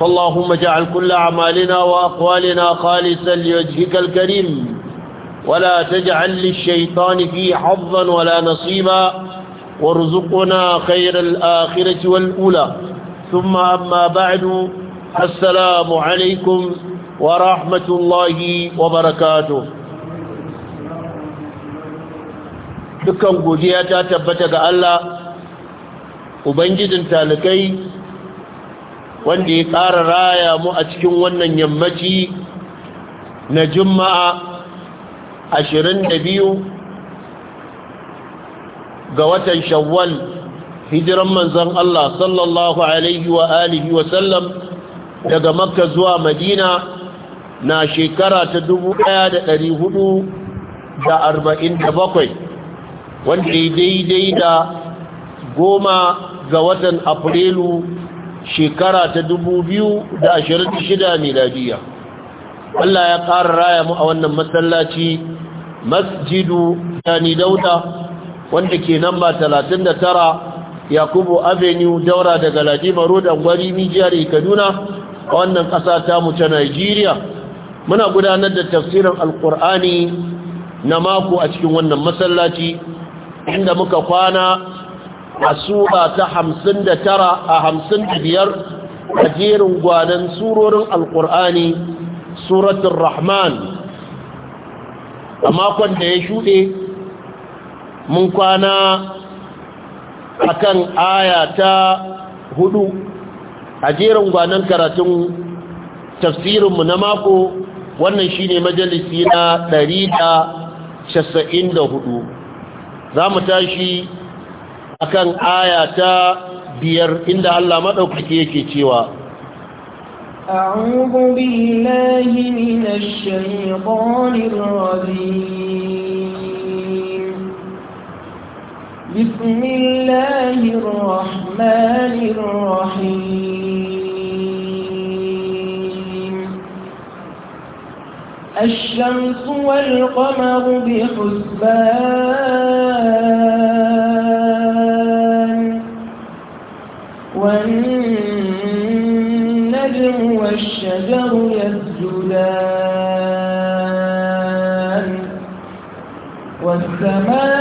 فاللهم اجعل كل أعمالنا وأقوالنا خالصا لوجهك الكريم ولا تجعل للشيطان فيه حظا ولا نصيبا وارزقنا خير الآخرة والأولى ثم أما بعد السلام عليكم ورحمة الله وبركاته dukkan godiya ta tabbata ga Allah ubangijin wanda ya ƙara raya mu a cikin wannan yammaci na juma'a 22 ga watan shawwal hijiran manzan Allah sallallahu alaihi wa alihi wa sallam daga makka zuwa madina na shekara ta 1447 wanda ya daidai da goma ga watan afrilu shekara ta 2026 miladiya Allah ya ƙara raya mu a wannan masallaci masjidu yani dauda wanda ke namba 39 yakubu avenue daura daga ladima road angwari mijiyar kaduna a wannan ƙasa ta mu ta Najeriya. muna gudanar da tafsirin Alƙur'ani na mako a cikin wannan masallaci inda muka kwana a sura ta hamsin da tara a hamsin da biyar a jerin gwanon surorin alkur'ani suratun rahman a makon da ya shuɗe mun kwana a kan aya ta hudu a jerin gwanon karatun tafsirinmu na mako wannan shi shine majalisi na 194 za mu tashi akan aya ta biyar inda Allah madaukaki yake cewa أعوذ بالله من الشيطان الرجيم بسم الله الرحمن الرحيم الشمس والقمر بحسبان والنجم والشجر يسجدان والسماء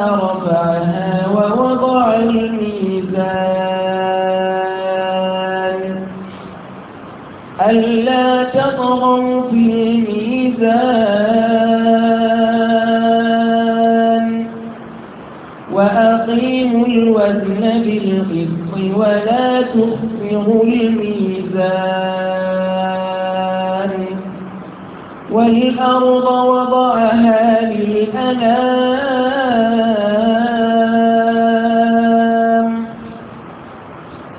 رفعها ووضع الميزان ألا تطغوا في الميزان الوزن بالقسط ولا تخفر الميزان والأرض وضعها للأنام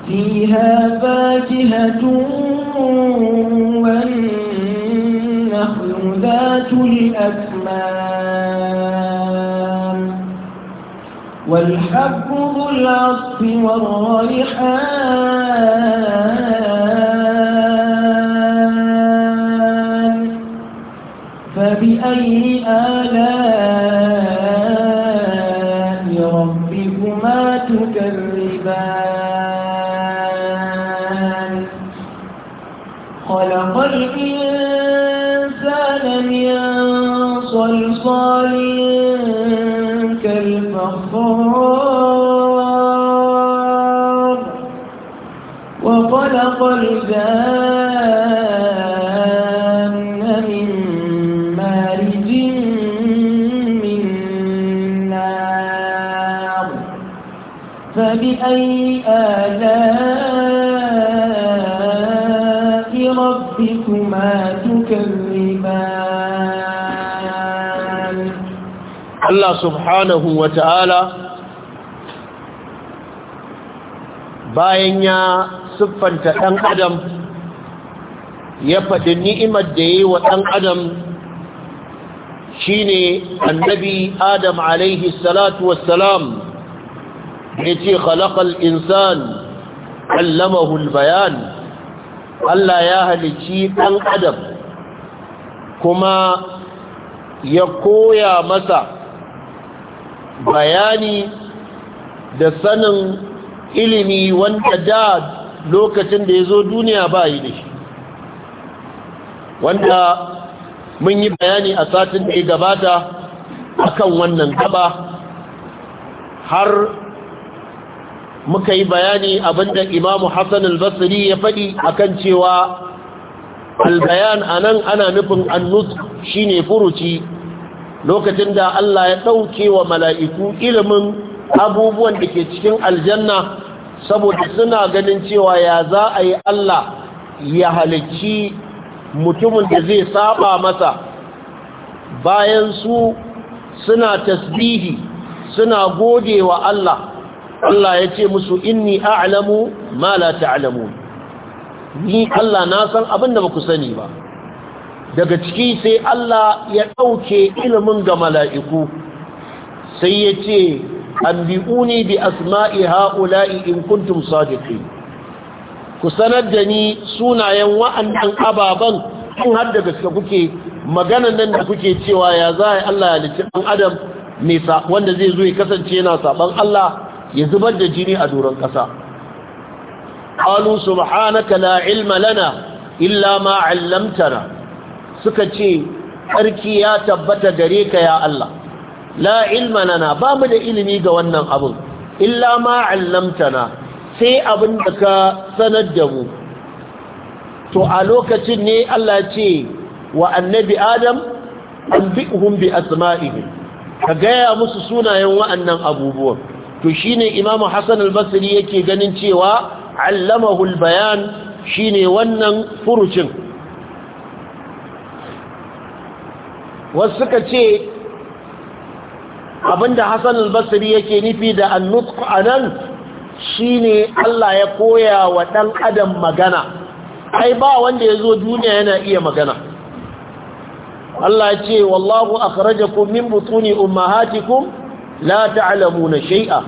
فيها فاكهة والنخل ذات الأكمام والحب ذو العطف والريحان فبأي آلام خلق الجان من مارج من نار فبأي آلاء ربكما تكذبان الله سبحانه وتعالى bayan ya siffanta ɗan adam ya faɗi ni'imar da ya yi wa ɗan adam shine annabi adam alaihi salatu wassalam ya ce khalaqal insan allamahul bayan Allah ya halici ɗan adam kuma ya koya masa bayani da sanin ilimi wanda da lokacin da ya zo duniya ba yi da shi wanda mun yi bayani a satin da ya gabata akan wannan gaba har muka yi bayani abinda imamu hassan al ya faɗi akan cewa albayan a nan ana nufin annus shine furuci lokacin da Allah ya ɗauke wa mala'iku ilimin abubuwan da ke cikin aljanna saboda suna ganin cewa ya za a yi Allah ya halicci mutumin da zai saba masa bayan su suna tasbihi suna gode wa Allah Allah ya ce musu inni a'lamu ma la ta'lamu ni Allah na san abin da baku sani ba daga ciki sai Allah ya ɗauke ilimin ga mala'iku sai ya ce anbi'uni bi asma'i ha'ula'i in kuntum sadiqin ku sanar da ni sunayen wa'annan ababan kun har da gaske kuke maganan nan da kuke cewa ya za Allah ya lice Dan adam wanda zai zo ya kasance yana saban Allah ya zubar da jini a doron ƙasa qalu subhanaka la ilma lana illa ma 'allamtana suka ce sarki ya tabbata gare ka ya Allah la ilma lana ba mu da ilimi ga wannan abin illa ma 'allamtana sai abin da ka sanar da mu to a lokacin ne Allah ce wa annabi adam anbi'hum bi asma'ihim ka gaya musu sunayen wa'annan abubuwan to shine imamu hasan al-basri yake ganin cewa 'allamahu al-bayan shine wannan furucin wasu suka ce abinda Hassan al-Basri yake nufi da a nan shine Allah ya koya wa ɗan adam magana ai ba wanda ya zo duniya yana iya magana Allah ya ce wallahu akhrajakum min butuni ku la na shai'a.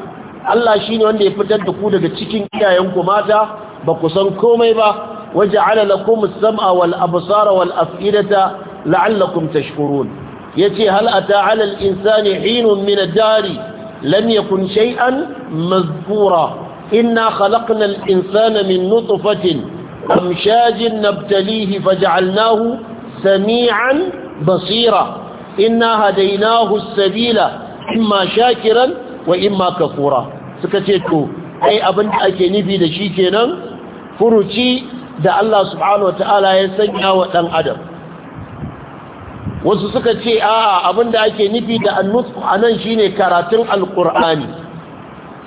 Allah shine wanda ya fitar da ku daga cikin iyayenku mata ba ku san komai ba waje lakum as-sam'a wal absara wal af'idata la'allakum tashkurun yace hal ata ala insani hinun min dari lam yakun shay'an mazkura inna khalaqna al insana min nutfatin amshajin nabtalihi faj'alnahu sami'an basira inna hadaynahu as-sabila imma shakiran wa imma kafura suka ce to ai abin da ake nufi da shi kenan furuci da Allah subhanahu wataala ya sanya wa dan adam wasu suka ce a'a abinda ake nufi da a anan shine karatun alqur'ani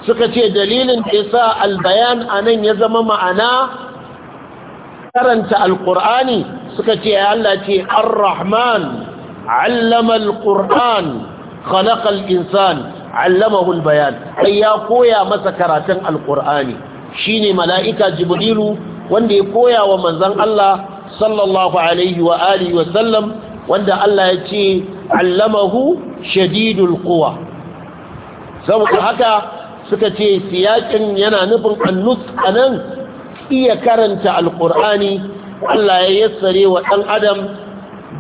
suka ce dalilin da yasa albayan anan ya zama ma'ana karanta alqur'ani suka ce Allah ce arrahman allama alqur'an khalaqa al-insan allamahu albayan ai ya koya masa karatun alqur'ani shine mala'ika jibrilu wanda ya koya wa manzon Allah sallallahu alaihi wa alihi wa sallam wanda Allah ya ce allamahu shadidul quwa saboda haka suka ce siyakin yana nufin annus anan iya karanta alqur'ani Allah ya yassare wa dan adam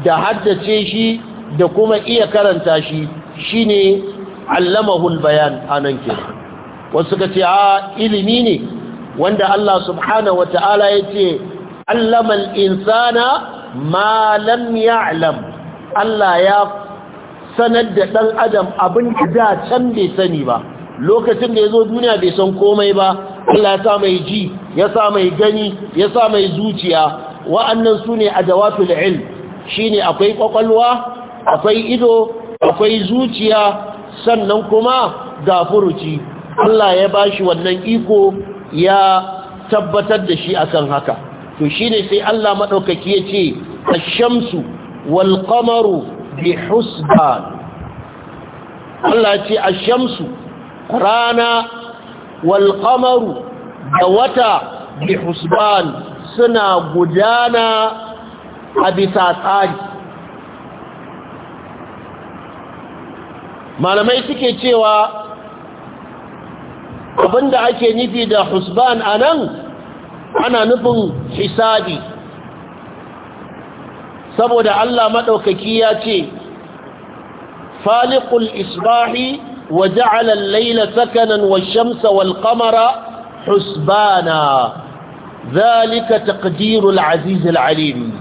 da haddace shi da kuma iya karanta shi shine allamahu bayan anan ke wasu suka ce a ilimi ne wanda Allah subhanahu wataala ya ce insana ma lam ya'lam Allah ya sanar da dan adam abin da can bai sani ba lokacin da yazo duniya bai san komai ba Allah ya sa mai ji ya sa mai gani ya sa mai zuciya wa'annan sune adawatul ilm shine akwai kwakwalwa akwai ido akwai zuciya sannan kuma ga furuci Allah ya bashi wannan iko ya tabbatar da shi akan haka to shine sai Allah madaukaki yace a shamsu walƙamaru bi husban Allah ce a shamsu rana walƙamaru da wata bi husban suna gudana a bisa tsari malamai suke cewa abinda ake nufi da husban a nan. ana nufin hisabi saboda Allah maɗaukaki ya ce faliqul isbahi wa ja'ala al-layla sakanan wa shamsa wal-qamara husbana zalika taqdirul aziz al-alim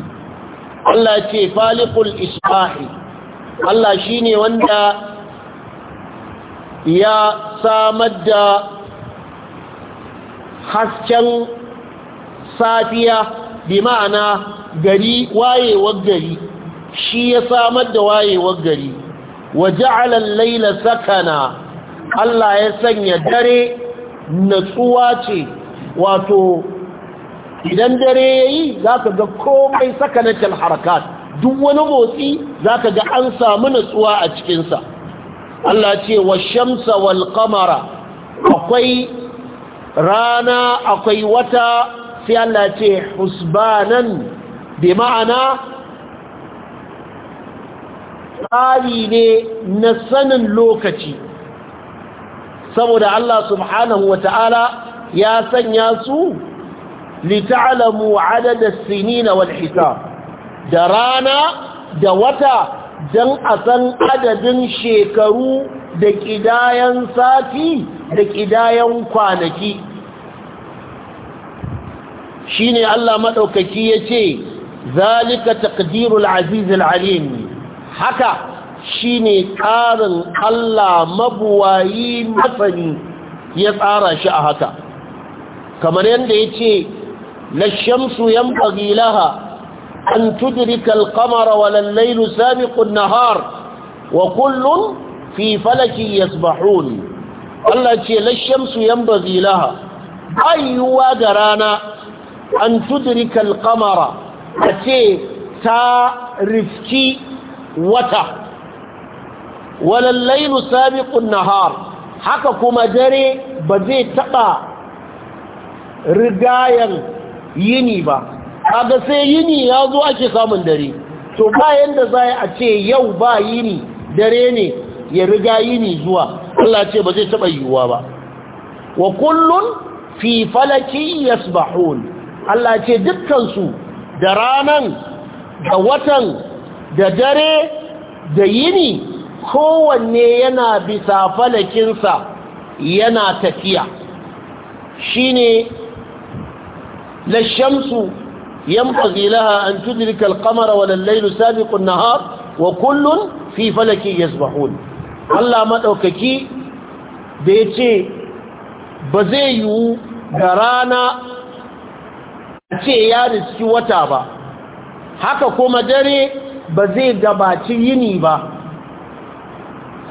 Allah ce faliqul isbahi Allah shine wanda ya samar da hasken safiya bi ma'ana gari wayewar gari shi ya samar da wayewar gari wa ja'ala layla sakana Allah ya sanya dare natsuwa ce wato idan dare yayi zaka ga komai sakanatul harakat duk wani motsi zaka ga an samu natsuwa a cikin sa Allah ce wa shamsa wal qamara akwai rana akwai wata sai Allah ce husbanan bi ma'ana tsari ne na sanin lokaci saboda Allah subhanahu wa ta'ala ya sanya su lita'alamu adada sinina wal hisab da rana da wata don a san adadin shekaru da ƙidayen sati da ƙidayen kwanaki shine Allah madaukaki yace zalika taqdirul azizul alim haka shine tsarin Allah mabuwayi masani ya tsara shi a haka kamar yanda yace lashamsu yanbaghi laha an tudrika al-qamara laylu sabiqu nahar wa kullun fi falaki yasbahun Allah ce lashamsu yanbaghi laha ayyuwa da rana an tudrika al-qamara ace ta rifki wata walal laylu sabiqun nahar haka kuma dare ba zai taba rigayan yini ba kaga sai yini ya zo ake samun dare to bayan da za a ce yau ba yini dare ne ya riga yini zuwa Allah ce ba zai taba yiwuwa ba wa kullun fi falaki yasbahun Allah ce dukkansu da ranan da watan da dare da yini kowanne yana bisa falakinsa yana tafiya shi ne lashamsu yan fazilaha an tudirikal kamara wa lallailu sabiqun nahar wa kullun fi falaki yasbahun Allah maɗaukaki. da ya ce ba zai yiwu da rana ce ya riski wata ba haka kuma dare ba zai gabaci yini ba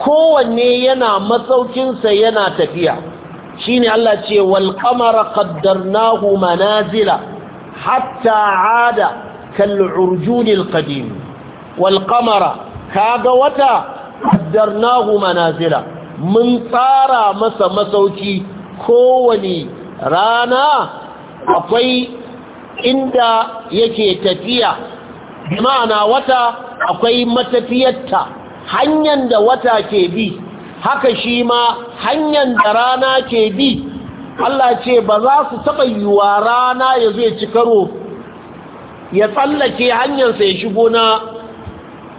kowanne yana matsaukinsa yana tafiya shine Allah ce wal qamara qaddarnahu manazila hatta ada kal urjunil qadim wal qamara kaga wata qaddarnahu manazila mun tsara masa masauki kowane rana akwai inda yake tafiya ma'ana wata akwai matafiyarta hanyar da wata ke bi haka shi ma hanyar da rana ke bi Allah ce ba za su taɓa yiwa rana ya zo ya ci karo ya tsallake hanyarsa ya shigo na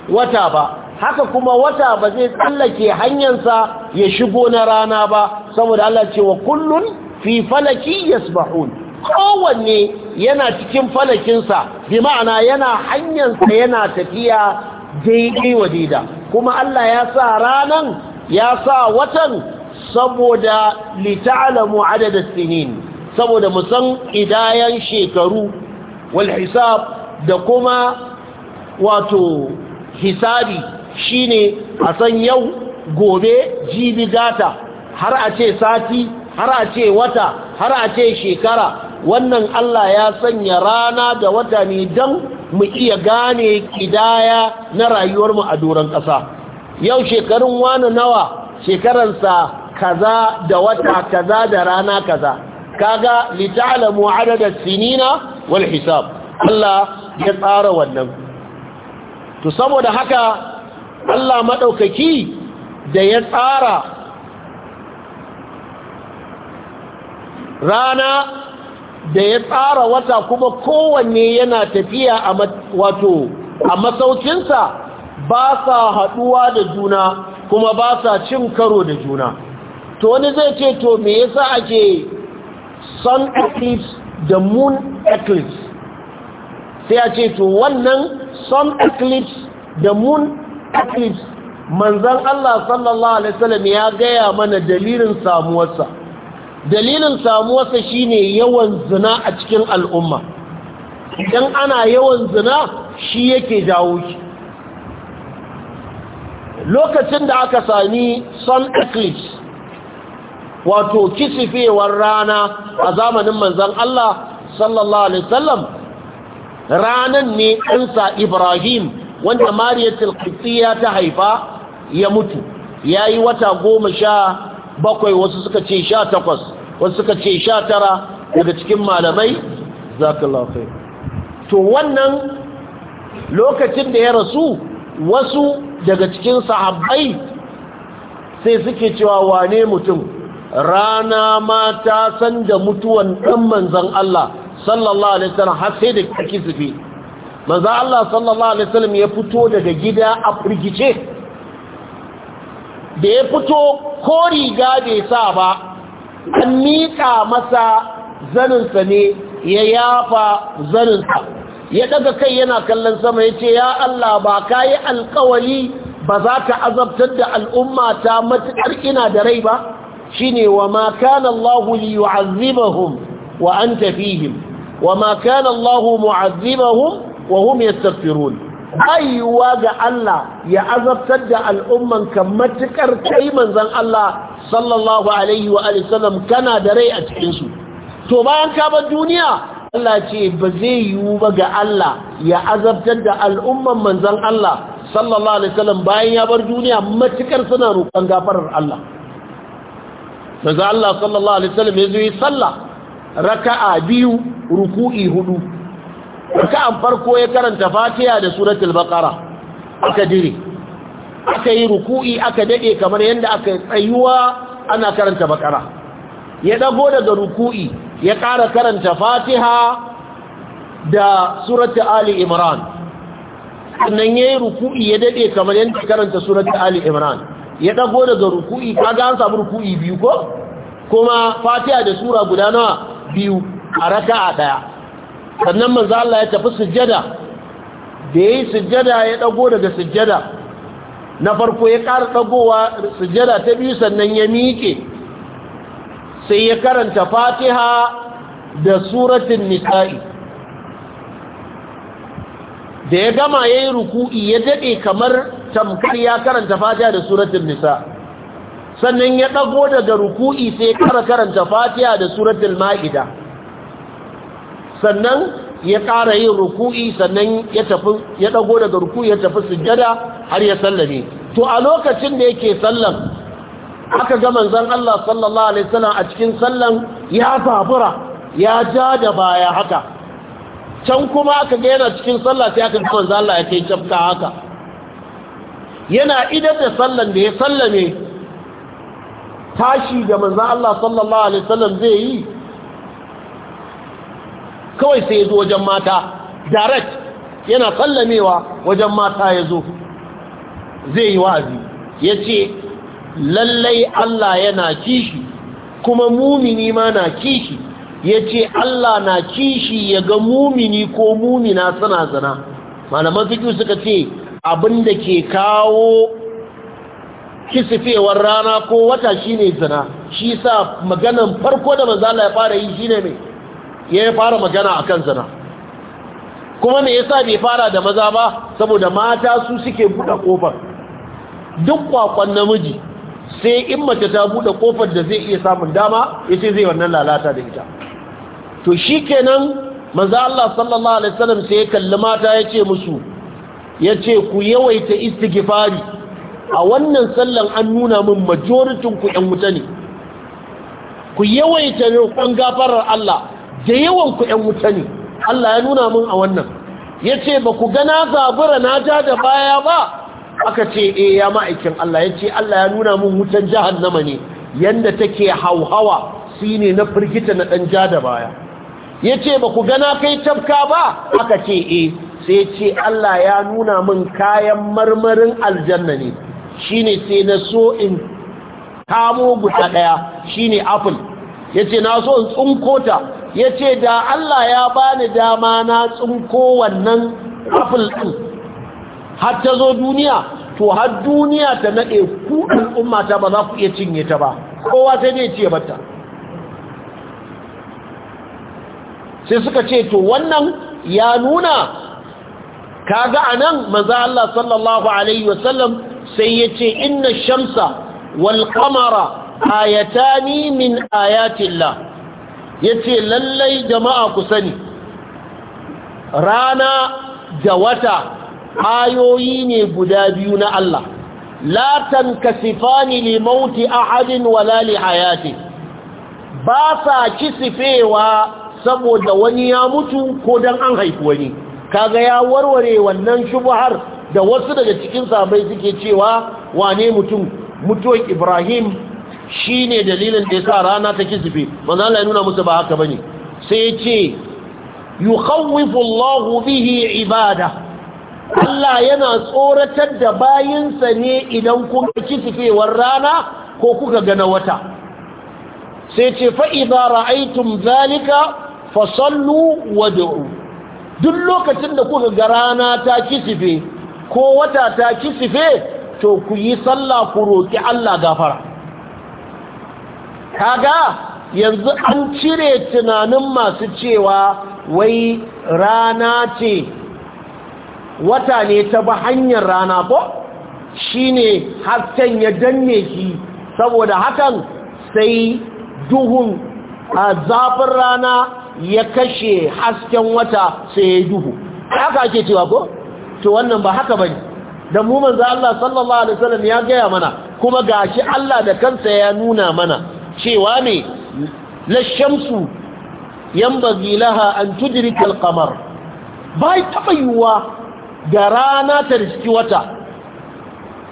wata ba haka kuma wata ba zai tsallake hanyarsa ya shigo na rana ba saboda Allah ce wa kullun fi falaki yasbahun kowanne yana cikin falakinsa bi ma'ana yana hanyarsa yana tafiya daidai wadida kuma Allah ya sa ranan ya sa watan saboda lita'alamu adadin sinin saboda musan idayen shekaru wal hisab da kuma wato hisabi shine a san yau gobe jibi gata har a ce sati har a ce wata har a ce shekara wannan Allah ya sanya rana da wata ne don mu iya gane kidaya na rayuwarmu a doron ƙasa yau shekarun wani nawa shekaransa kaza da wata kaza da rana kaza kaga lita'lamu adada sinina wal hisab Allah ya tsara wannan to saboda haka Allah maɗaukaki da ya tsara rana da ya tsara wata kuma kowanne yana tafiya a wato a masaukinsa ba sa haɗuwa da juna kuma ba sa cin karo da juna to wani zai ce to me yasa ake sun eclipse da moon eclipse sai a ce to wannan sun eclipse da moon eclipse manzan Allah sallallahu Alaihi wasallam ya gaya mana dalilin samuwarsa dalilin samuwarsa shine yawan zina a cikin al'umma idan ana yawan zina shi yake jawo shi lokacin da aka sami sun eclipse wato kisifewar rana a zamanin manzan Allah sallallahu alaihi ranan ne ɗansa Ibrahim wanda Mariyatul Qibtiyya ta haifa ya mutu yayi wata goma sha bakwai wasu suka ce sha takwas wasu suka ce sha tara daga cikin malamai za ka lafai to wannan lokacin da ya rasu wasu daga cikin sahabbai sai suke cewa wane mutum rana ma ta san da mutuwan ɗan manzan Allah sallallahu alaihi wasallam har sai da kake sufi manzan Allah sallallahu alaihi wasallam ya fito daga gida a firgice da ya fito ko riga bai sa ba an miƙa masa zaninsa ne ya yafa zaninsa ya daga kai yana kallon sama ya ce ya Allah ba ka yi alkawali ba za ka azabtar da al'umma ta matuƙar ina da rai ba shi ne wa ma Allahu li yu'azzibahum wa an tafihim, wa ma Allahu mu'azzibahum wa hum yastaghfirun bayuwa ga Allah ya azabtar da al'ummanka matukar kai manzan Allah sallallahu alaihi wa sallam kana da rai a cikinsu to bayan ka ba duniya Allah ce ba zai yiwu ba ga Allah ya azabtar da al'umman manzan Allah sallallahu alaihi wasallam bayan ya bar duniya matukar suna roƙon gafarar Allah daga Allah sallallahu alaihi wasallam ya zo yi sallah raka'a biyu ruku'i hudu an farko ya karanta Fatiya da suratul baqara aka dire aka yi ruku'i aka dade kamar yanda aka tsayuwa ana karanta baqara ya dago daga ruku'i ya ƙara karanta fatiha da suratul ali imran sannan yayi ruku'i ya dade kamar yanda karanta suratul ali imran ya dago daga ruku'i kaga an samu ruku'i biyu ko kuma fatiha da sura guda nawa biyu a raka'a daya sannan manzo Allah ya tafi sujjada da yayi sujjada ya dago daga sujjada na farko ya ƙara dagowa sujjada ta biyu sannan ya miƙe sai ya karanta Fatiha da suratul nisa'i da ya gama yayi ruku'i ya dade kamar tamkar ya karanta Fatiha da suratul nisa sannan ya dago daga ruku'i sai ya karanta Fatiha da suratul ma'ida sannan ya ƙara yin ruku'i sannan ya tafi dago daga ruku'i ya tafi sujjada har ya sallame to a lokacin da yake sallan aka ga manzon Allah sallallahu alaihi wasallam a cikin sallan ya babura ya ja da baya haka can kuma aka ga yana cikin sallah sai aka ga manzon Allah ya kai tafka haka yana idan da sallan da ya sallame tashi da manzon Allah sallallahu alaihi wasallam zai yi kawai sai ya zo wajen mata direct yana sallamewa wajen mata ya zo zai yi wa'azi ya ce lallai Allah yana kishi kuma mumini ma na kishi ya ce Allah na kishi ya ga mumini ko mumina suna zana malaman fiki suka ce abin da ke kawo kisifewar rana ko wata shine zana, shi sa maganan farko da manzala ya fara yi shine mai ya fara magana a kan zina kuma me yasa bai fara da maza ba saboda mata su suke buɗe ƙofar duk kwakwan namiji sai in mace ta buɗe ƙofar da zai iya samun dama ya ce zai wannan lalata da ita to shi kenan maza Allah sallallahu alaihi wasallam sai ya kalli mata ya ce musu ya ce ku yawaita istighfari a wannan sallan an nuna min majoritin ku ƴan wuta ne ku yawaita roƙon gafarar Allah da yawan ku ƴan wuta ne Allah ya nuna mun a wannan yace ba ku gana zabura na ja da baya ba aka ce eh ya ma'aikin Allah yace Allah ya nuna mun wutan jahannama ne yanda take hauhawa shine na firgita na dan ja da baya yace ba ku gana kai tafka ba aka ce eh sai ce Allah ya nuna min kayan marmarin aljanna ne shine sai na so in kamo guda daya shine apple yace na so in tsunkota ya ce da Allah ya bani dama na tsinko wannan apple ɗin har ta zo duniya to har duniya ta naɗe ku al'umma ta ba za ku iya cinye ta ba kowa sai ne ce bata sai suka ce to wannan ya nuna kaga anan maza Allah sallallahu alaihi wasallam sai ya ce inna shamsa wal qamara ayatani min ayatillah ya ce lallai jama'a ku sani rana da wata ayoyi ne guda biyu na Allah la kasifani li mauti ahadin wala li hayati ba sa kisifewa saboda wani ya mutu ko dan an haifi wani kaga ya warware wannan shubhar da wasu daga cikin sahabbai suke cewa wane mutum mutuwar Ibrahim shi ne dalilin da ya sa rana ta kisife manzo Allah ya nuna musu ba haka bane sai ce yukhawifu Allah bihi ibada Allah yana tsoratar da bayinsa ne idan kuma kisifewar rana ko kuka gana wata sai ce fa'iba ra'aitun zalika fasallu wad'u duk lokacin da kuka ga rana ta kisife ko wata ta kisife to ku yi sallah ku roƙi Allah gafara kaga yanzu an cire tunanin masu cewa wai rana ce wata ne ta ba hanyar rana ko shine hasken ya danne shi saboda hakan sai duhun a zafin rana ya kashe hasken wata sai ya duhu haka ake cewa ko to wannan ba haka bane da mu manzo Allah sallallahu alaihi wasallam ya gaya mana kuma gashi Allah da kansa ya nuna mana cewa ne lashamsu yan laha an tudrika alqamar bai taɓa yiwuwa da rana ta riski wata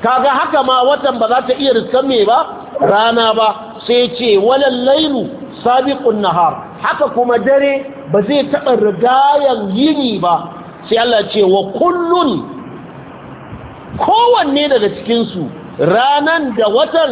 kaga haka ma watan ba za ta iya riskan me ba rana ba sai ce walal lailu sabiqun nahar haka kuma dare ba zai taɓa rigayen yini ba sai Allah ce wa kullun kowanne daga cikin su ranan da watan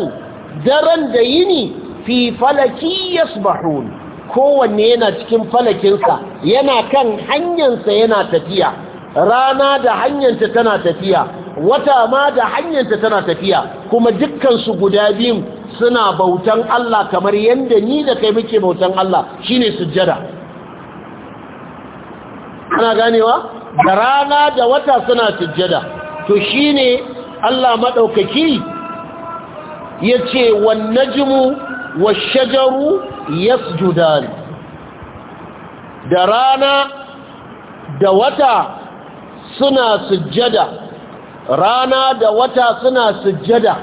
daren da yini fi falaki yasbahun kowanne yana cikin falakinsa yana kan hanyarsa yana tafiya rana da hanyarta tana tafiya wata ma da hanyarta tana tafiya kuma dukkansu guda biyun suna bautan Allah kamar yadda ni da kai muke bautan Allah shine sujjada ana ganewa da rana da wata suna sujjada to shine Allah maɗaukaki ya ce mu? washajaru yasjudan da rana da wata suna sujjada rana da wata suna sujjada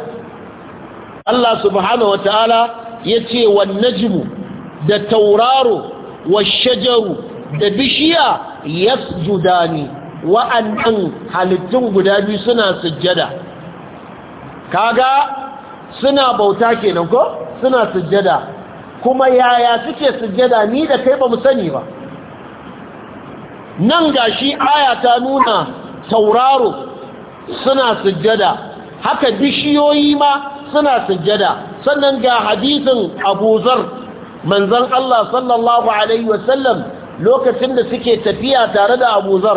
Allah subhanahu wataala yace wan najmu da tauraro washajaru da bishiya yasjudani wa'annan halittun guda biyu suna sujjada kaga suna bauta kenan ko suna sujjada kuma yaya suke sujjada ni da kai ba mu sani ba nan shi aya ta nuna sauraro suna sujjada haka bishiyoyi ma suna sujjada sannan ga hadisin abuzar Zar Allah sallallahu alaihi wasallam lokacin da suke tafiya tare da abuzar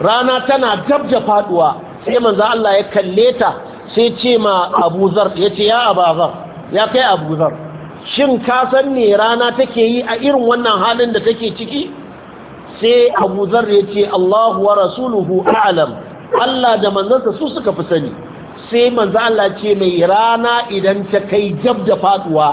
rana tana gabja faduwa sai manzon Allah ya kalle ta sai ce ma abuzar ya ce ya abazar ya kai abuzar shin ka san ne rana take yi a irin wannan halin da take ciki sai abuzar ya ce allahu wa rasuluhu a'alam allah da manzansa su suka fi sani sai manzo allah ce mai rana idan ta kai jab da faduwa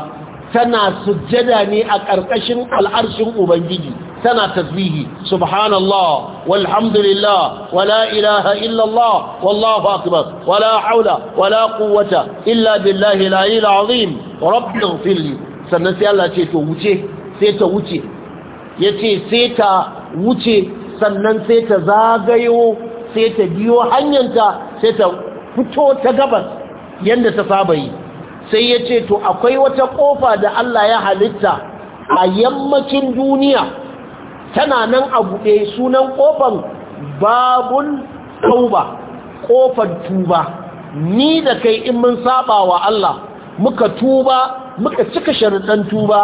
tana sujjada ne a ƙarƙashin al'arshin ubangiji tana tasbihi subhanallah walhamdulillah wala ilaha allah wallahu akbar wala haula wala quwwata illa billahi al-aliyyil azim rabbighfirli sannan sai Allah ce to wuce sai ta wuce yace sai ta wuce sannan sai ta zagayo sai ta biyo hanyarta sai ta fito ta gabas yadda ta saba yi sai yace to akwai wata kofa da Allah ya halitta a yammacin duniya tana nan a buɗe sunan ƙofan babun tauba ƙofar tuba ni da kai in mun saba wa Allah muka tuba muka cika sharuɗan tuba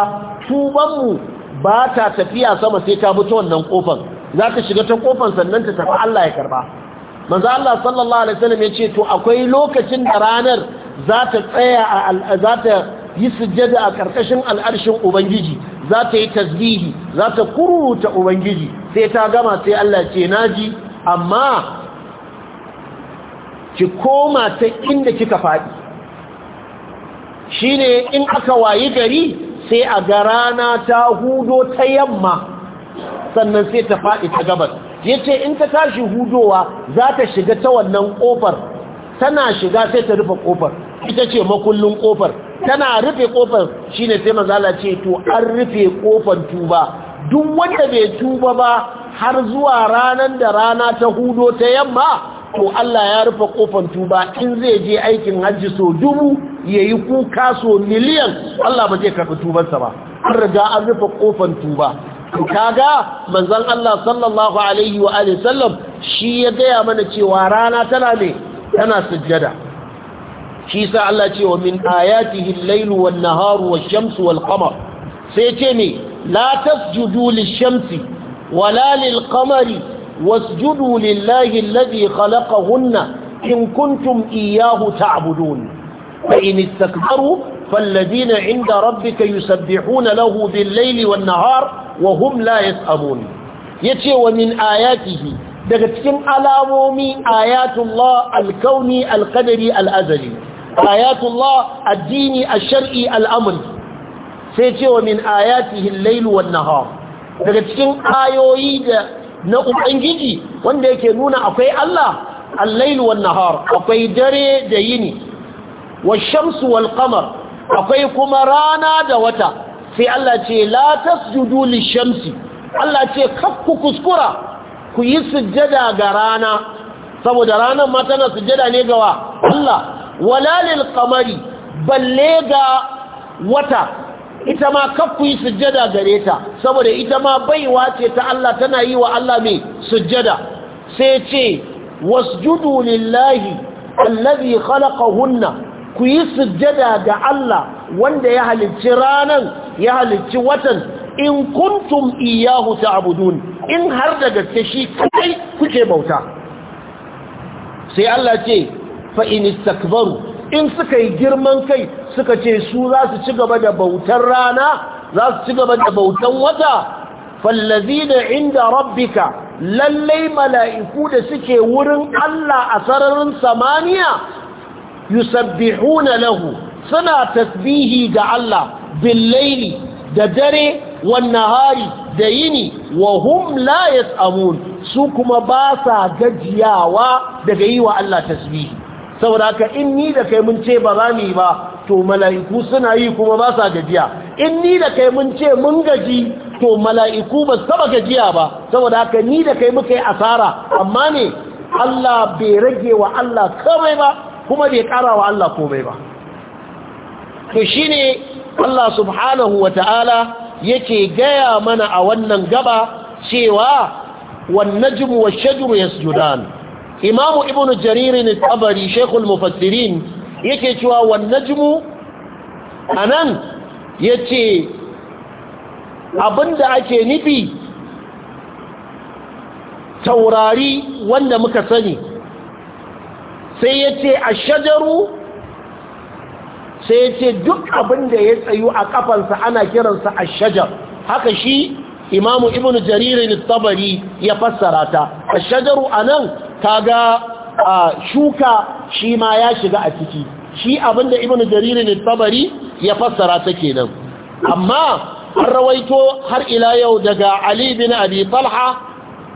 tubanmu ba ta tafiya sama sai ta mutu wannan ƙofan za ta shiga ta ƙofan sannan ta tafi Allah ya karba manzo Allah sallallahu alaihi wasallam ya ce to akwai lokacin da ranar za ta tsaya za ta yi sujjada a ƙarƙashin al'arshin ubangiji za ta yi tasbihi za ta kuruta ubangiji sai ta gama sai Allah ce naji amma ki koma ta inda kika faɗi shine in aka wayi gari sai a ga rana ta hudo ta yamma sannan sai ta faɗi ta gabas yace in ta tashi hudowa za ta shiga ta wannan kofar tana shiga sai ta rufe kofar ita ce makullin kofar tana rufe kofar shine sai manzala ce to an rufe kofar tuba duk wanda bai tuba ba har zuwa ranar da rana ta hudo ta yamma to Allah ya rufe kofar tuba in zai je aikin hajji so dubu yayi kuka so miliyan Allah ba zai karɓi sa ba an riga an rufe kofar tuba kaga manzon Allah sallallahu alaihi wa alihi sallam shi ya gaya mana cewa rana tana ne tana sujjada shi sa Allah ce wa min ayatihi al-lailu wan-naharu wash-shamsu wal-qamar sai ce ne la tasjudu lish-shamsi wala lil-qamari wasjudu lillahi alladhi khalaqahunna in kuntum iyyahu ta'budun fa in istakbaru فالذين عند ربك يسبحون له بالليل والنهار وهم لا يسأمون يتي ومن آياته daga cikin alamomi ayatullah alkauni alkadari al'azali ayatullah addini a shari al'amun sai cewa min ayatihi al-layl wan-nahar daga cikin ayoyi da na ubangiji wanda yake nuna akwai Allah al-layl wan-nahar akwai dare da yini wa shamsu wal akwai kuma rana da wata sai Allah ce la tasjudu shamsi Allah ce kakku kuskura ku yi sujjada ga rana saboda ranar ma tana sujjada ne ga Allah Walalil ƙamari balle ga wata ita ma kafu yi sujjada gare ta saboda ita ma baiwa ce ta Allah tana yi wa Allah mai sujjada sai ce wasjudu lillahi allazi khalaqahunna ku yi sujjada ga Allah wanda ya halicci ranan ya halicci watan in kuntum iyahu ta'budun in har da gaske shi kai kuke bauta sai Allah ce fa in in suka yi girman kai suka ce su za su ci gaba da bautar rana za su ci gaba da bautan wata fallazina inda rabbika lallai mala'iku da suke wurin Allah a sararin samaniya yusabbihuna lahu suna tasbihi ga Allah billaili da dare wannan hari da yini wa hum la yas'amun su kuma ba sa gajiyawa daga yi wa Allah tasbihi saboda haka in ni da kai mun ce ba za mu yi ba to mala'iku suna yi kuma ba sa gajiya in ni da kai mun ce mun gaji to mala'iku ba saba gajiya ba saboda haka ni da kai muka yi asara amma ne Allah bai rage wa Allah komai ba kuma bai kara wa Allah komai ba to shine Allah subhanahu wata'ala yake gaya mana a wannan gaba cewa wan najmu wash shajru imamu ibnu jaririn tabari shekul mufassirin yake cewa wannan Najmu a nan ya ce abinda ake nufi taurari wanda muka sani sai ya ce a sai ya ce duk abinda ya tsayu a kafansa ana kiransa a shajar haka shi imamu ibn jaririn tabari ya fassara ta a anan a nan kaga shuka shi ma ya shiga a ciki shi abinda ibnu jarir ne tabari ya fassara ta kenan amma an rawaito har ila yau daga ali bin abi talha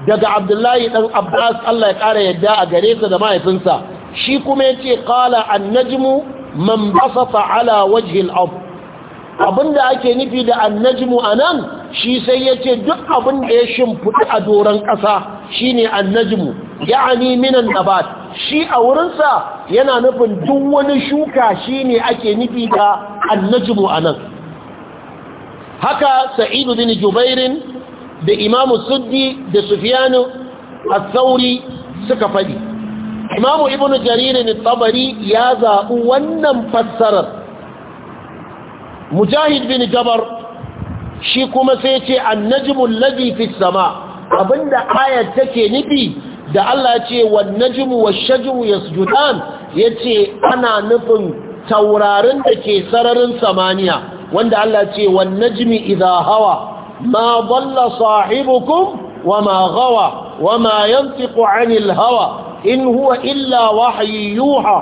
daga abdullahi dan abbas Allah ya kara yadda a gare sa da mahaifinsa shi kuma yace qala an-najmu man basata ala wajhi al abinda ake nufi da an-najmu anan shi sai yace duk abin da ya shimfudi a doran kasa shine annajmu ya'ani minan nabat shi a wurinsa yana nufin duk wani shuka shi ne ake nufi da annajmu anan haka Sa'idu bin jubairin da imam suddi da Sufiyanu a thawri suka fadi imam ibnu Jaririn tabari ya zaɓi wannan fassarar mujahid bin jabar shi kuma sai ce annajmu alladhi fi sama abinda ayar take nufi da Allah ce wa najmu ya sujudan ya yace ana nufin taurarin da ke sararin samaniya wanda Allah ce wan najmi idha hawa ma wa sahibukum gawa wa ma yantiqu anil hawa in huwa illa wahyi yuha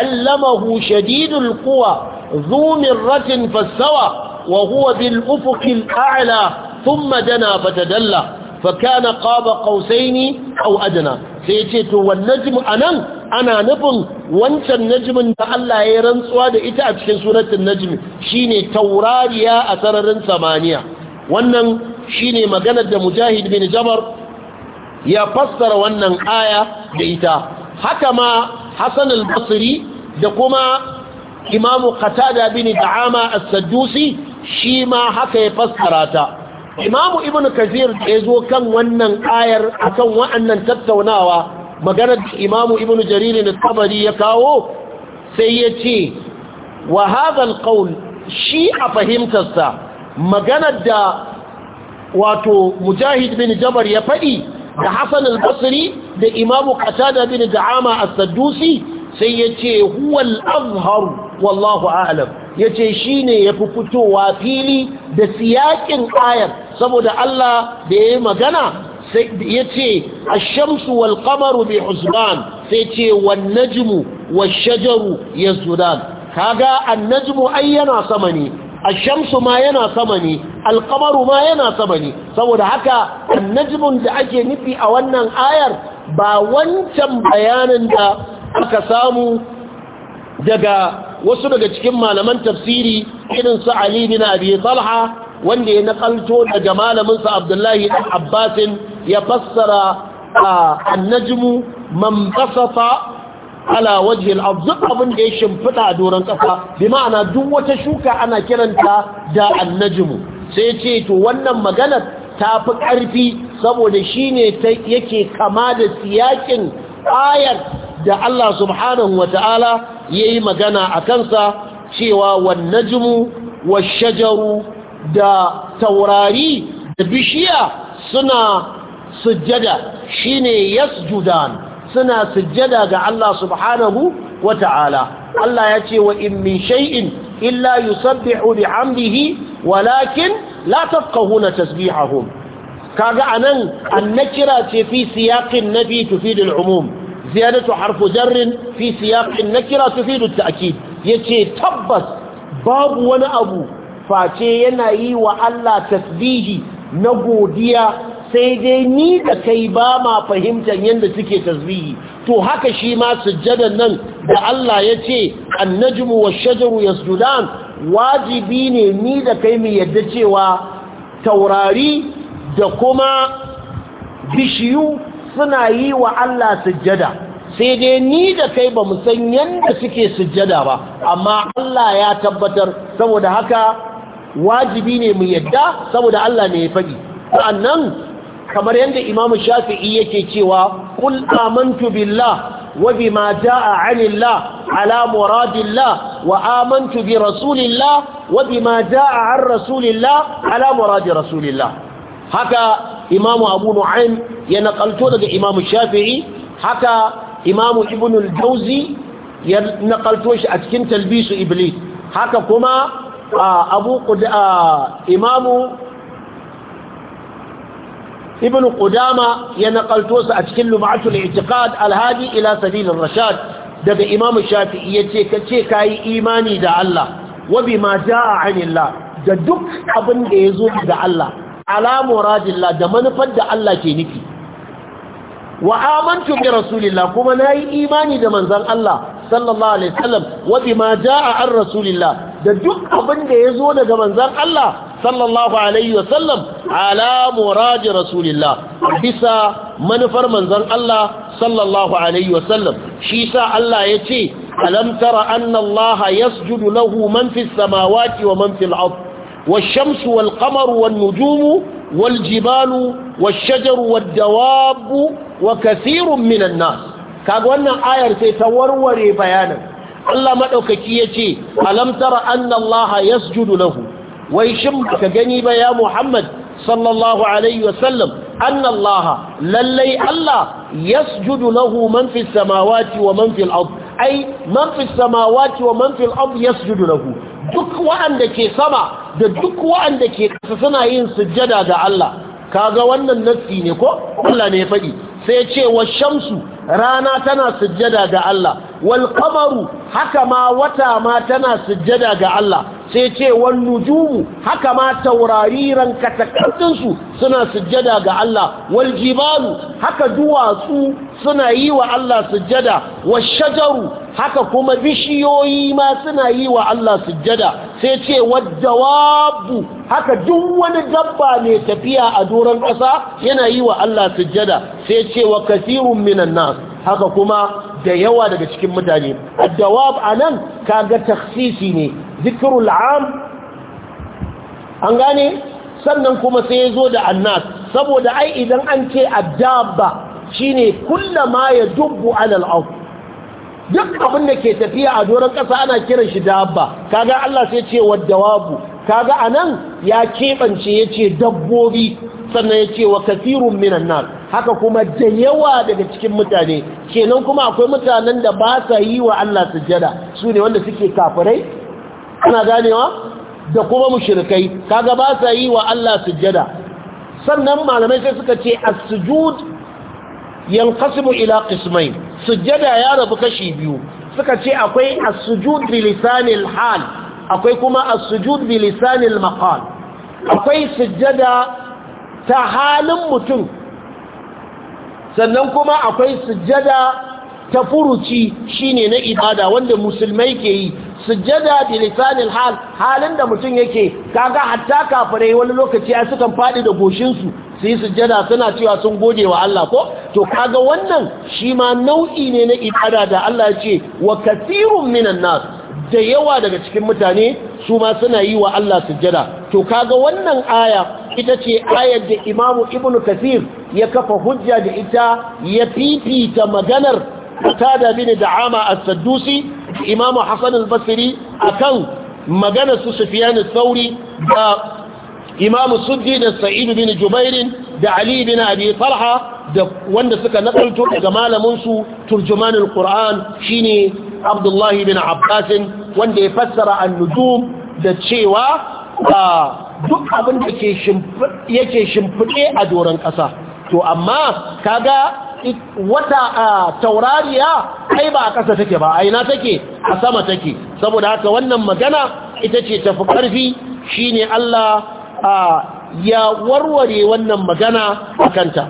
allamahu shadidul ratin ذو wa huwa bil ufukin الأعلى ثم دنا dalla. fakana qaba qausaini au adana. sai yace to wal a nan? ana nufin wancan najmin da Allah ya yi rantsuwa da ita a cikin suratul najm shine taurariya a sararin samaniya wannan shine maganar da mujahid bin jabar ya fassara wannan aya da ita haka ma hasan al-basri da kuma imamu qatada bin da'ama as-saddusi shi ma haka ya fassara ta imamu ibn kazir ya zo kan wannan ayar akan wa'annan tattaunawa maganar da imamu ibn jariri da tabari ya kawo sai ya ce wa hadhal shi a fahimtarsa maganar da wato mujahid bin jabar ya faɗi da Hassan al-basri da imamu qatada bin da'ama a Sadusi sai ya ce huwal azharu wallahu a'lam yace shine yafi fitowa fili da siyakin ayar saboda Allah da yayi magana sai yace ash-shamsu wal qamaru bi husban sai ce wan najmu wash shajaru yasjudan kaga an-najmu ay yana sama ne ash-shamsu ma yana sama ne al-qamaru ma yana sama ne saboda haka an-najmun da ake nufi a wannan ayar ba wancan bayanin da aka samu daga wasu daga cikin malaman tafsiri irin su Ali bin Abi Talha wanda ya nakalto daga malamin sa Abdullahi dan Abbas ya fassara an-najmu man basafa ala wajhi al-ardh abin da ya shimfida a doron kasa bi ma'ana duk wata shuka ana kiranta da an-najmu sai ce to wannan maganar ta fi ƙarfi saboda shi ne yake kama da siyakin ayar da Allah subhanahu wa ta'ala ya yi magana a kansa cewa jimu wa shajaru da taurari da bishiya suna sujjada shine yasjudan suna sujjada ga Allah subhanahu wa ta'ala Allah ya ce wa in min shay'in illa yusabbihu bihamdihi walakin la tafqahuna tasbihahum kaga anan annakira ce fi siyaqin nafi tufidul umum ziyadatu harfu jarrin fi siyaqin nakira tufidu ta'kid yace tabbas babu wani abu face yana yi wa Allah tasbihi na godiya sai dai ni da kai ba ma fahimtar yadda suke tasbihi to haka shi ma sujjadan nan da Allah ya ce annajmu wash-shajaru yasjudan wajibi ne ni da kai mu yadda cewa taurari da kuma bishiyu suna yi wa Allah sujjada sai dai ni da kai ba mu san yadda suke sujjada ba amma Allah ya tabbatar saboda haka wajibi ne mu yadda saboda Allah ne ya faɗi sannan kamar yadda Imam Shafi'i yake cewa qul amantu billah wa bima jaa 'anillah ala muradillah wa amantu bi rasulillah wa bima jaa 'an rasulillah ala muradi rasulillah haka Imam Abu Nu'aym ya naƙalto daga Imam Shafi'i haka imamu ibn al-jawzi ya nakalto shi a cikin talbisu iblis haka kuma abu imamu ibn qudama ya nakalto su a cikin lum'atul i'tiqad al-hadi ila sabil ar-rashad daga imamu shafi'i yace kace kai imani da Allah wa bima jaa 'anillah da duk abin da yazo da Allah ala muradillah da manufar da Allah ke nufi wa amantu bi rasulillah kuma nayi imani da manzon Allah sallallahu alaihi wasallam wa bima jaa an rasulillah da duk abin da yazo daga manzon Allah sallallahu alaihi wasallam ala murad rasulillah bisa manufar manzon Allah sallallahu alaihi wasallam shi sa Allah yace alam tara anna Allah yasjudu lahu man fis samawati wa man fil ardh Wa والشمس والقمر والنجوم والجبال والشجر والدواب وكثير من الناس كاغ wannan ayar sai ta warware bayanan Allah madaukaki yace alam tara anna Allah yasjudu nahu wai shin ka gani ba ya Muhammad sallallahu alaihi wasallam anna Allah lallai Allah yasjudu nahu man fi samawati wa man fi al-ard ay wa man yasjudu nahu. duk wa'anda ke sama da duk wa'anda ke kasa suna yin sujjada ga Allah kaga wannan nassi ne ko Allah ne ya faɗi sai ce wa shamsu rana tana sujjada ga Allah wal qamaru haka ma wata ma tana sujjada ga Allah sai ce wan nujumu haka ma taurari rankatakardin su suna sujjada ga Allah wal jibalu haka duwatsu suna yi wa Allah sujjada wash shajaru haka kuma bishiyoyi ma suna yi wa Allah sujjada sai ce jawabu haka duk wani dabba mai tafiya a doron ƙasa yana yi wa Allah sujjada sai ce wa kasirun minan nas haka kuma da yawa daga cikin mutane addawab anan kaga takhsisi ne zikrul am an gane sannan kuma sai yazo da annas saboda ai idan an ce addaba shine kullama yadubbu ala al-ard duk abin da ke tafiya a doron ƙasa ana kiran shi dabba kaga Allah sai ce waddawabu kaga anan ya kebance yace dabbobi sannan yace wa kathirun minan nas haka kuma da yawa daga cikin mutane kenan kuma akwai mutanen da ba sa yi wa Allah sujjada su ne wanda suke kafirai ana ganewa da kuma mushrikai kaga ba sa yi wa Allah sujjada sannan malamai sai suka ce as-sujud yanqasimu ila qismayn sujjada ya rabu kashi biyu suka ce akwai as-sujud bi lisanil hal akwai kuma as-sujud bi lisanil maqal akwai sujjada ta halin mutum sannan kuma akwai sujjada ta furuci shine na ibada wanda musulmai ke yi sujjada bi lisanil hal halin da mutum yake kaga hatta kafirai wani lokaci ai sukan fadi da goshin su su yi sujjada suna cewa sun gode wa Allah ko to kaga wannan shi ma nau'i ne na ibada da Allah ya ce wa kathirun minan nas da yawa daga cikin mutane su ma suna yi wa Allah sujjada to kaga wannan aya ita ce ayar da imamu ibnu kasir ya kafa hujja da ita ya fifita maganar qatada bin da'ama a saddusi imamu hasan al-basri kan maganar su sufyan al da imamu suddi da sa'id bin jubair da ali bin abi da wanda suka nakalto daga malaminsu su turjuman al-qur'an shine abdullahi bin abbasin wanda ya fassara an-nujum da cewa duk abin da yake shimfiɗe a doron ƙasa to amma kaga wata a taurariya kai ba a ƙasa take ba a aina take a sama take saboda haka wannan magana ita ce tafi ƙarfi shi ne Allah ya warware wannan magana a kanta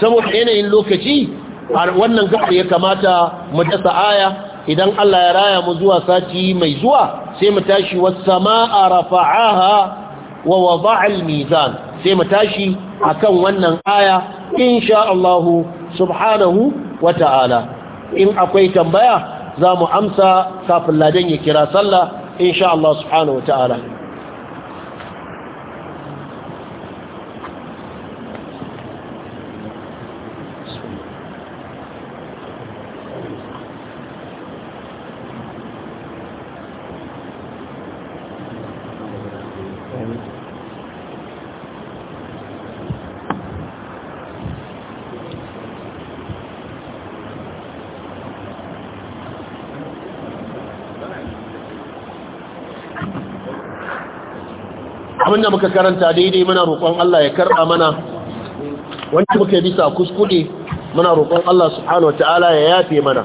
saboda yanayin lokaci wannan gaɓar ya kamata mu dasa aya idan Allah ya raya mu zuwa sati mai zuwa sai mu tashi was samaa rafa'aha wa wada'a mizan sai mu tashi akan wannan aya insha Allah subhanahu in akwai tambaya za mu amsa kafin ladan ya kira sallah insha Allah subhanahu da muka karanta daidai muna roƙon Allah ya karɓa mana wanda muka bisa kuskure muna roƙon Allah subhanahu wataala ya yafe mana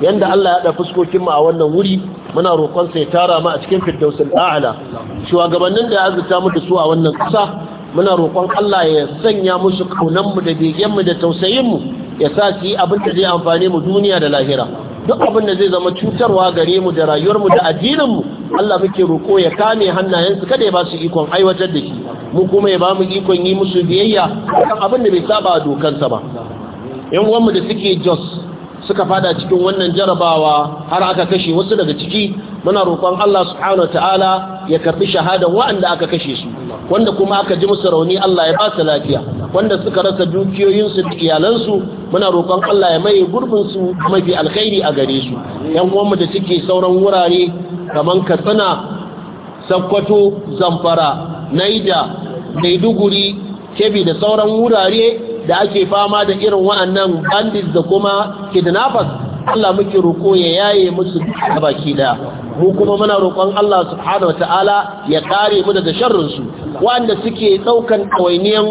yanda Allah ya da fuskokin mu a wannan wuri muna roƙon sa ya tara mu a cikin firdausul a'la shugabannin da ya azurta mu da su a wannan ƙasa muna roƙon Allah ya sanya musu kaunan mu da begen mu da tausayin mu ya sa su yi abin da zai amfane mu duniya da lahira duk abin da zai zama cutarwa gare mu da rayuwar mu da addinin mu Allah muke roƙo ya kame hannayensu kada ya ba su ikon aiwatar da shi mu kuma ya ba mu ikon yi musu biyayya kan abin da bai saba dokansa ba yan uwanmu da suke jos suka fada cikin wannan jarabawa har aka kashe wasu daga ciki muna roƙon Allah subhanahu ta'ala ya karbi shahada wa'anda aka kashe su wanda kuma aka ji musu rauni Allah ya ba su lafiya wanda suka rasa dukiyoyinsu da iyalansu muna roƙon Allah ya maye gurbin su mafi alkhairi a gare su yan uwanmu da suke sauran wurare kaman katsina sakkwato zamfara naija maiduguri kebi da sauran wurare da ake fama da irin wa'annan bandits da kuma kidnappers Allah muke roko ya yaye musu baki da mu kuma muna roƙon Allah subhanahu ta'ala ya kare mu daga sharrin su wanda suke ɗaukan kawainiyan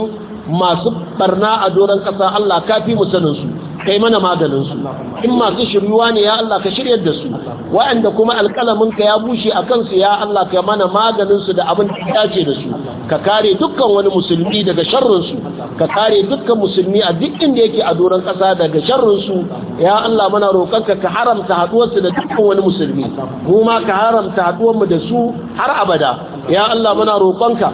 masu barna a doron ƙasa Allah kafi mu sanin kai mana maganinsu. in masu shiryuwa ne ya Allah ka shirya da su waɗanda kuma alƙalamin ka ya bushe a kansu ya Allah ka mana maganinsu da abin da ya ce da su ka kare dukkan wani musulmi daga sharrinsu. ka kare dukkan musulmi a duk inda yake a doron ƙasa daga sharrinsu ya Allah muna roƙonka ka haramta haɗuwarsu da dukkan wani musulmi mu ma ka haramta haɗuwar mu da su har abada ya Allah muna roƙonka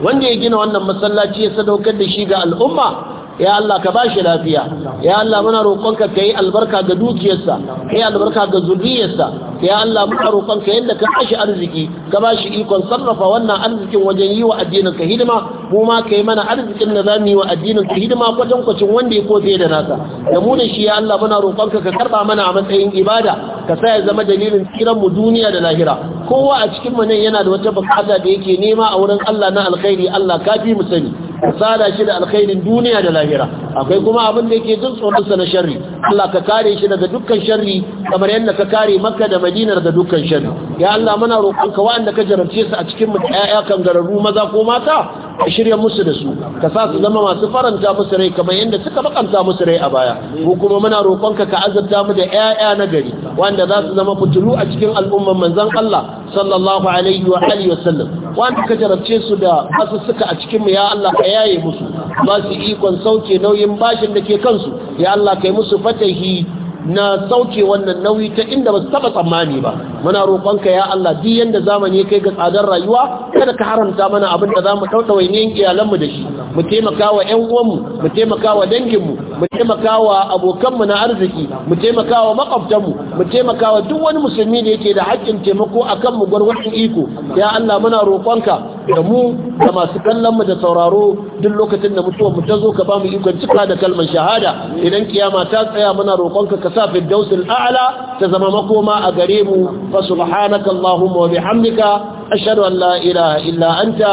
wanda ya gina wannan masallaci ya sadaukar da shi ga al'umma ya Allah ka bashi lafiya ya Allah muna roƙonka yi albarka ga dukiyarsa kai albarka ga zuriyarsa ya Allah muna roƙonka yadda ka bashi arziki ka bashi ikon sarrafa wannan arzikin wajen yi wa addinin ka hidima mu ma yi mana arzikin da zamu yi wa addinin ka hidima kwatan kwacin wanda ya kofe da nasa da mu da shi ya Allah muna roƙonka ka karba mana a matsayin ibada ka sa ya zama dalilin tsiran mu duniya da lahira kowa a cikin mu nan yana da wata bukata da yake nema a wurin Allah na alkhairi Allah kafi mu sani ka sada shi da alkhairin duniya da lahira akwai kuma abin da yake jin tsoronsa na sharri Allah ka kare shi daga dukkan sharri kamar yadda ka kare Makka da Madina daga dukkan sharri ya Allah muna roƙonka wanda ka jarabce su a cikin mu ƴaƴa kan gararru maza ko mata ka shirya musu da su ka sa su zama masu faranta musu rai kamar yadda suka bakanta musu rai a baya mu kuma muna roƙonka ka azabta mu da ƴaƴa na gari wanda za su zama fitilu a cikin al'umman manzon Allah sallallahu alaihi wa alihi wasallam wanda ka jarabce su da basu suka a cikin mu ya Allah ka yaye musu ba su ikon sauke nauyin bashin da ke kansu ya Allah kai musu fatahi na sauke wannan nauyi ta inda ba su taba tsammani ba muna roƙonka ya Allah duk yanda zamani kai ga tsadar rayuwa kada ka haramta mana abin da zamu daudawaye ne iyalan mu da shi mu taimaka wa ƴan uwan mu mu taimaka wa dangin mu mu taimakawa abokanmu na arziki mu taimakawa makwabtanmu mu taimakawa duk wani musulmi da yake da haƙƙin taimako akan mu gwargwadon iko ya Allah muna roƙonka da mu da masu kallon mu da sauraro duk lokacin da mutuwar mu ta zo ka ba mu ikon cika da kalmar shahada idan kiyama ta tsaya muna roƙonka ka sa firdausul a'la ta zama makoma a gare mu fa subhanaka allahumma wa bihamdika ashhadu an la ilaha illa anta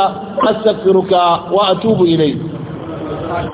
astaghfiruka wa atubu ilayk